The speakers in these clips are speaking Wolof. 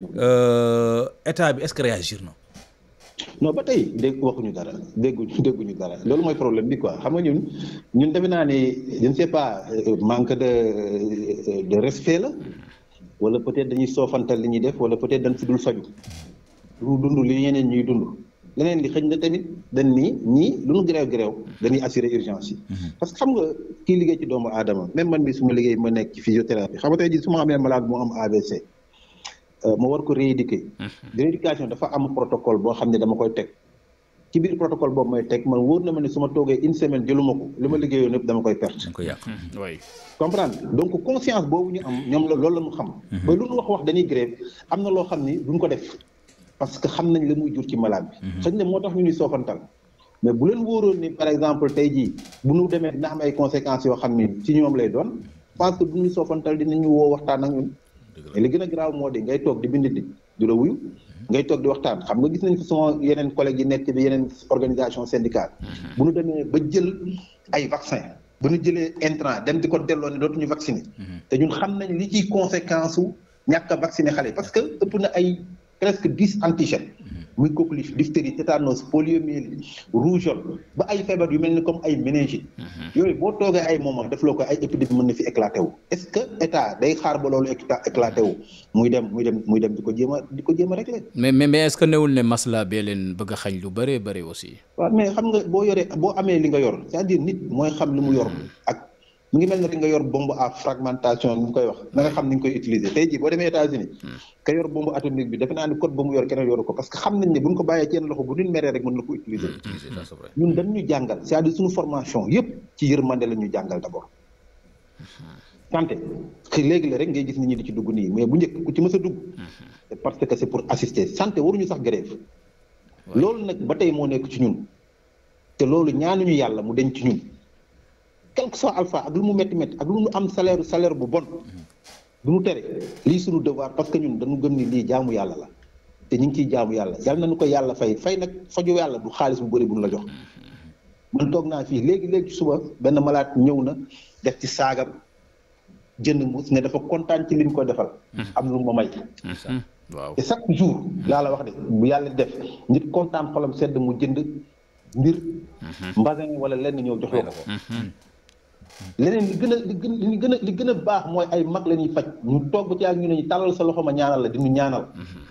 Euh, état bi est que réagir na. non ba tey dégg waxuñu dara dégguñu dégguñu dara loolu mooy problème bi quoi xam nga ñun ñun defe naa ne je ne pas euh, manque de euh, de respect la wala peut-être dañuy soofantal li ñuy def wala peut-être dañ si dul faju lu dund li ñeneen ñuy dund leneen li xëy na tamit dañ nii ñii lu ñu gréew gréew dañuy assurer urgence yi mm-hmm. parce que xam nga kii liggéey ci doomu aadama même man bi su liggéey ma nekk ci physiothérapie xam nga tey ji su ma amee malade moo am ABC Euh, ma war ko rééduquer. Mhm. rééducation dafa am protocole boo xam ne dama koy teg. ci biir protocole boobu may teg man woor na ma ne suma ma toogee une semaine jëluma ko li ma mhm. liggéeyoon yëpp dama koy perte. dama koy yàq mhm. oui. comprendre donc conscience boobu ñu am ñoom loolu la ñu xam. ba lu ñu wax wax dañuy grève am na loo xam ni duñ ko def parce que xam nañ la muy jur ci malade bi. xëy na moo tax ñu ñuy soofantal. mais bu leen wóoroon ni par exemple tey jii bu ñu demee dina am ay conséquences yoo xam ni ci ñoom lay doon parce que bu ñuy soofantal dinañu woo waxtaan ak mais li gën a moo di ngay toog di bind di du la wuyu ngay toog di waxtaan xam nga gis nañ ko sama yeneen collègue yi nekk bi yeneen organisation syndicale mhm. bu ñu demee ba jël ay vaccin bu nu jëlee intrant dem di ko delloo ne dootuñu vacciner mhm. te ñun xam nañ li ci conséquence u ñàkk a vacciner xale parce que ëpp na ay presque dix antigènes mm-hmm. muy coqueluche diphtérie tétanos poliomyélite rougeole ba ay feebar yu mel ni comme ay méningite mm-hmm. yooyu boo toogee ay moom moment def loo ko ay épidémie mën na fi éclaté wu est ce que état day xaar ba loolu éclaté wu muy dem muy dem muy dem di ko jéem a di ko jéem a rek mais mais mais est ce que newul ne masla bee leen bëgg a xañ lu bëree bëri aussi waa mais xam nga boo yoree boo amee li nga yor c'est-à-dire nit mooy xam lu mu yor mm-hmm. ak mu ngi mel ne rek nga yor bombe à fragmentation bi mu koy wax na nga xam ni nga koy utiliser tey jii boo demee États-Unis ka hmm. yor bombe atomique bi defe naa ni mu yor ne buñ ko bàyyee ci yenn loxo bu ñu meree rek mën hmm, jàngal c'est-à-dire hmm. léegi la rek ngay gis nit ñi di ci dugg nii mais bu njëkk ku ci mës a dugg parce que c'est pour assister sante waruñu sax grève loolu nag ba tey moo nekk ci ñun te loolu ñu yàlla mu denc ci ñun quel que soit alpha ak lu mu métti métti ak lu mu am salaire salaire bu bon du ñu tere lii suñu devoir parce que ñun dañu gëm ni lii jaamu yàlla la te ñu ngi ciy jaamu yàlla yal nañu ko yàlla fay fay nag faju yàlla du xaalis bu bëri bu ñu la jox man toog naa fii léegi léegi suba benn malaat ñëw na def ci saagam jënd mbuus ne dafa kontaan ci liñ ko defal am lu ma may waaw te chaque jour laa la wax de bu yàlla def nit kontaan xolam sedd mu jënd mbir mhm. mbasin wala lenn ñëw jox la ko mhm. leneen li gën a li gën li gën a li gën a baax mooy ay mag la ñuy faj ñu toog ba ci ak ñu ne ñu tàllal sa loxo ma ñaanal la di ñu ñaanal. Mm-hmm.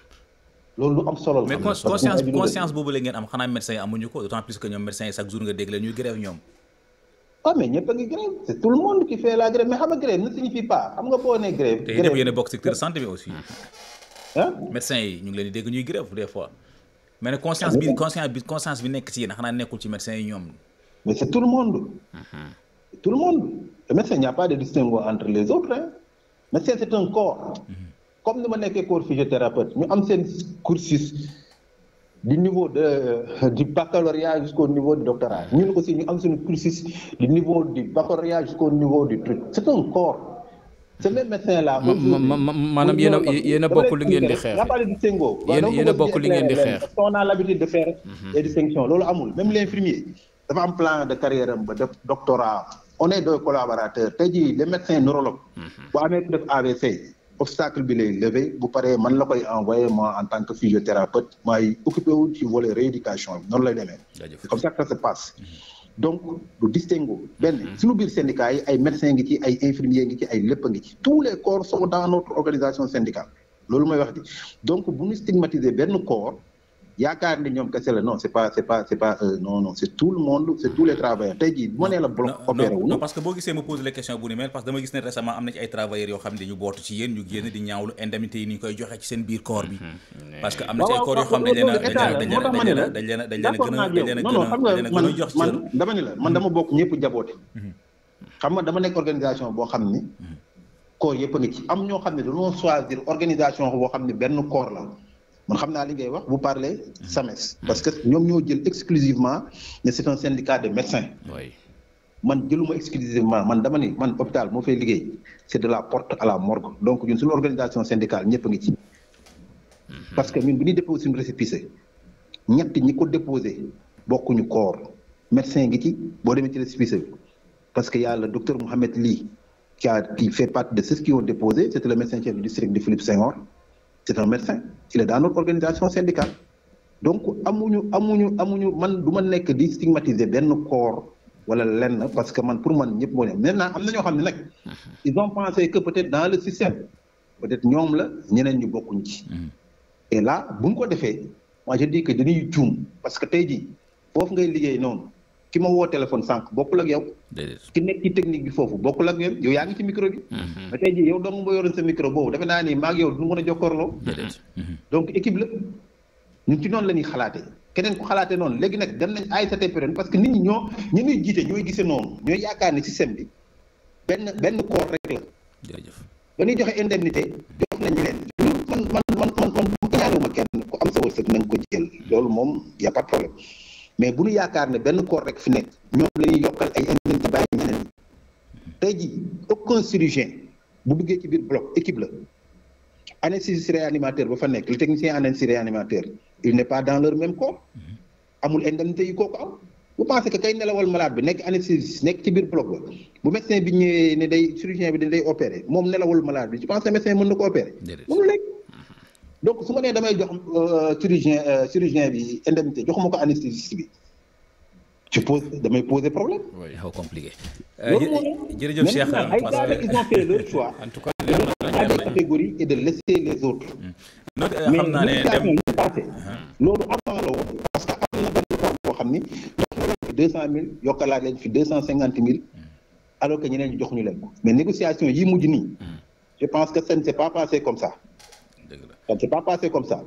loolu lu am solo la. mais conscience conscience boobu la ngeen am xanaa médecins yi amuñu ko d'autant plus que ñoom médecins yi chaque jour nga dégg la ñuy grève ñoom. ah mais ñëpp a ngi grève c'est tout le monde qui fait la grève mais xam nga grève ne signifie pas xam nga boo nee grève. grève te yéen a bokk secteur santé bi aussi. ah médecins yi ñu ngi leen di dégg ñuy grève des fois. mais ne conscience bi conscience bi conscience bi nekk ci yéen xanaa nekkul ci médecins yi ñoom. mais c'est tout le monde. Mm-hmm. tout le monde. Le médecin, il n'y a pas de distinguo entre les autres. Hein. Le médecin, c'est un corps. Mm -hmm. Comme nous sommes corps physiothérapeute, nous avons un cursus du niveau de, du baccalauréat jusqu'au niveau du doctorat. Nous aussi, nous avons un cursus du niveau du baccalauréat jusqu'au niveau du truc. C'est un corps. Ce même médecin-là. Madame, il y a beaucoup de gens qui Il n'y a pas de distinguo. Il y a beaucoup de gens qui On a l'habitude de faire mm-hmm. des distinctions. Même l'infirmier, il a un plan de carrière, de doctorat. on est deux ji tey jii le médecin neurologue. Mhm. bu amee ku def AVC. obstacle bi lay levé bu paree man la koy envoyé moi en tant que physiothérapeute maay occupé ci volet rééducation bi lay demee. comme ça que ça se passe. Mhm. donc du distingo benn mhm. suñu biir syndicat yi ay médecins ngi ci ay infirmiers ngi ci ay lépp ngi ci tous les corps sont dans notre organisation syndicale loolu mooy wax di donc bu ñu stigmatiser benn corps. yaakaar ni ñoom kese la non c'est pas c'est pas c'est pas euh, non non c'est tout le monde c'est tous les travailleurs tey jii moo nee la bloc opéré wu non parce que boo gisee ma pose la question bu ni mel parce que dama gis ne récemment am na ci ay travailleurs yoo xam ne dañu mm-hmm. mm-hmm. a leen a a a a a dañ leen a jox ci dama ni la man mm-hmm. dama bokk ñëpp jaboote xam nga dama nekk organisation boo xam ni corps yëpp a ngi ci am ñoo xam ne dañoo choisir organisation boo xam ne benn corps la man xam naa liggéey wax bu vous parlez SAMES parce que ñoom ñoo jël exclusivement ne c'est un syndicat de médecins oui. man jëluma exclusivement man dama ni man hôpital moo fay liggéey c'est de la porte à la morgue donc ñun suñu organisation syndicale ñëpp a ngi ci parce que ñun bu ñuy déposé suñu récépissé ñett ñi ko déposé bokkuñu corps médecin ngi ci boo demee ci récépissé bi parce que yàlla docteur Mohamed Ly qui a qui fait partie de ceux qui ont déposé c'était il est dans notre organisation syndicale donc amuñu amuñu amuñu man du man nekk di stigmatiser benn corps wala lenn parce que man pour man ñëpp moo ne maintenant am na ñoo xam ne nag mhm. ils ont pensé que peut-être dans le système peut-être ñoom la ñeneen ñi bokkuñ ci mhm. et là buñ ko defee moi je dis que juum parce que tey jii foofu ngay liggéey noonu ki ma woo téléphone sànq bokkul ak yow. ki nekk technique bi foofu bokkul ak yow yow yaa ngi ci micro bi. ba tey jii yow dong nga yoroon sa micro boobu defe naa ni maa ak yow du la ñun ci noonu la ñuy xalaatee keneen ku xalaatee noonu léegi nag dem nañ ay sa période parce que nit ñi ñoo ñi ñuy jiite ñooy gisee noonu ñooy yaakaar ne système bi benn benn koor rek la. ba ñuy joxe indemnité jox nañ leen man man man man man kenn ku am sa wërsëg na nga ko jël loolu moom y' a pas problème. mais bu ñu yaakaar ne benn corps rek fi nekk ñoom la yokkal ay indemnité bàyyi ñeneen tey ji aucun chirurgien bu duggee ci biir bloc équipe la anesthésiste réanimateur ba fa nekk le technicien anesthésie réanimateur il n'est pas dans leur même corps amul indemnité yi kooku am bu pensé que kay nelawal malade bi nekk anesthésiste nekk ci biir bloc ba bu médecin bi ñëwee ne day chirurgien bi ne day opérer moom nelawal malade bi je pense que médecin mën na ko opérer donc su ma nee damay jox euh, chirurgien euh, chirurgien bi indemnité jox ma ko anesthésiste bi je pose damay poser problème. oui xaw compliqué. Euh, jërëjëf Cheikh parce que ils ont fait de laisser les autres. donc mm. naa ne dem uh-huh. loolu avant la que am na xam ni jox na mille yokkalaat leen fi cent cinquante mille mm. alors que ñeneen ñu jox ñu leen ko mais négociation yi mujj nii. Mm. je pense que ça ne s'est pas passé comme ça. donc c'est pas passé comme ça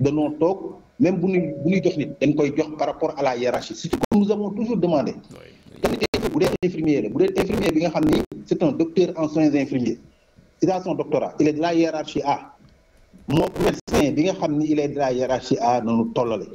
danoo toog même bu ñuy bu ñuy jox nit dañ koy jox par rapport à la hiérarchie surtout comme nous avons toujours demandé bu dee infirmier la bu dee infirmier bi nga xam ni c'est un docteur en soins infirmiers il a son doctorat il est de la hiérarchie A moo médecin bi nga xam ni il est de la hiérarchie A nanu tollale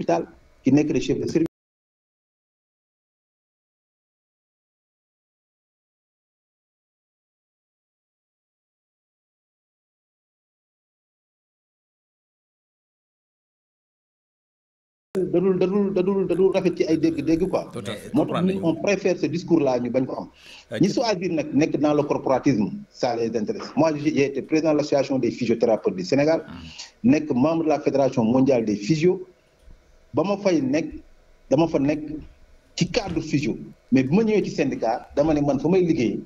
hôpital qui nekk le dadul dadul dadul dadul rafet ci ay dég dégg quoi moo tax ñun on préfère ce discours là ñu bañ ko am euh, ñi choisir nag nekk dans le corporatisme ça les intéresse moi j'ai président l'association des physiothérapeutes du Sénégal mmh. nekk membre de la fédération mondiale des physios ba ma fay nekk dama fa nekk ci cadre physio mais bi ma ñëwee ci syndicat dama ne man fa may liggéey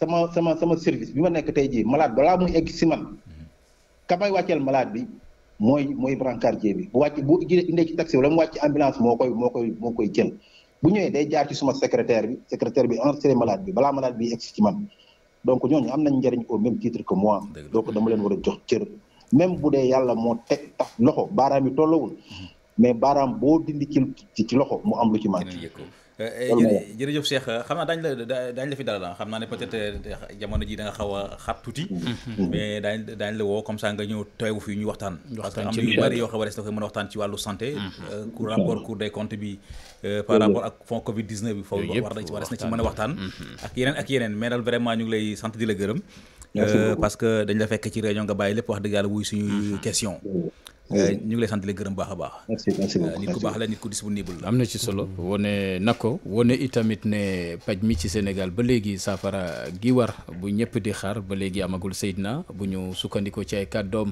sama sama sama service bi ma nekk tey jii malade balaa muy egg si man ka may wàcceel malade bi mooy mooy brancardier bi bu wàcc bu indee ci taxi wala mu wàcc ambulance moo koy moo koy moo koy jël bu ñëwee day jaar ci suma secrétaire bi secrétaire bi enregistré malade bi balaa malade bi egg si ci man donc ñooñu am nañ njëriñ au même titre que moi donc dama leen war a jox cër même bu dee yàlla moo teg tax loxo baaraam yi tolluwul mm-hmm. mais baaraam boo dindi ci ci loxo mu am lu ci manqué. Eh, eh, jërëjëf seex eh, xam naa daañu la daañu la fi dalal ah. xam naa ne peut-être jamono ji da nga xaw a xat tuuti mm-hmm. Mm-hmm. Mm-hmm. mais daañ daañu la woo comme ça nga ñëw teewu fi ñu waxtaan parce que am na yu bari yoo xam ne da koy mën a waxtaan ci euh, des bi euh, par rapport ak fond war na war na ci mën a waxtaan ak yeneen ak yeneen mais daal vraiment ñu ngi lay sant di la gërëm euh, parce que dañ la fekk ci réunion nga bàyyi lépp wax dëgg yàlla wuy suñu question Euh, ñu ngi lay sant di gërëm baax a baax. merci euh, nit ku baax la nit ku disponible la. am na ci solo wone na ko wone itamit ne paj mi ci Sénégal ba léegi saafara gi war bu ñëpp di xaar ba léegi amagul Seydina bu ñu sukkandikoo ci ay doom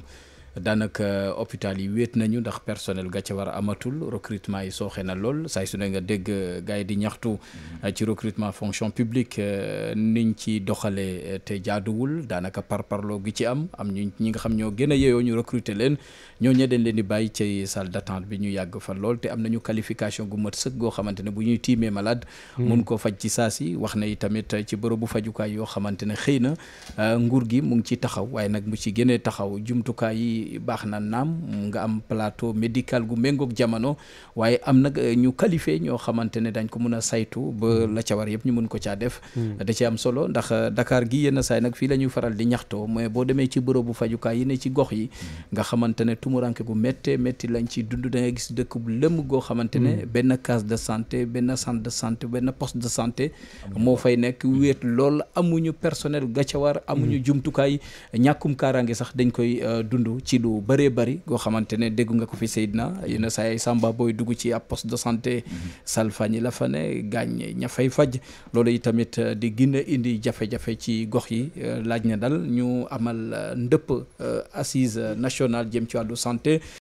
daanaka hôpital yi wéet nañu ndax personnel ga ca war a amatul recrutement yi sooxee na lool saay su ne nga dégg gars yi di ñaxtu mm-hmm. ci recrutement fonction publique euh, niñ ci doxalee euh, te jaaduwul daanaka par parloo gi ci am am ñu ñi nga xam ñoo gën a yeyoo ñu recruter leen ñoo ñe dañ leen di bàyyi ci salle d'attente bi ñu yàgg fa lool te am nañu qualification gu mat sëkk goo xamante ne bu ñuy tiimee malade mm-hmm. mun koo faj ci saa si wax na tamit ci bërëbu fajukaay yoo xamante ne xëy na euh, nguur gi mu ngi ci taxaw waaye nag mu ci gënee taxaw jumtukaay yi bi baax na naam nga am plateau médical gu méngoog jamono waaye am nag eh, ñu qualifié ñoo xamante ne dañ ko mën a saytu ba mm. la ca war yëpp ñu mën ko caa def mm. da ci am solo ndax eh, Dakar gi yenn saay nag fii la faral di ñaxtoo mais boo demee ci bërëbu fajukaay yi ne ci gox yi mm. nga xamante ne tumuranke gu métte métti lañ ci dund da ngay gis dëkk bu lëm goo xamante ne benn case de santé benn centre de santé benn post de santé moo fay nekk wéet lool amuñu personnel ga ca war amuñu jumtukaay ñàkkum kaaraange sax dañ koy eh, dund ci lu bëree bëri goo xamante ne dégg nga ko fi Seydina yenn saa yi Samba booy dugg ci ab poste de santé mhm. salfañi la fa ne gaañ ña fay faj loolu yi tamit euh, di gën indi jafe-jafe ci gox yi euh, laaj na dal ñu amal euh, ndëpp assise nationale jëm ci wàllu santé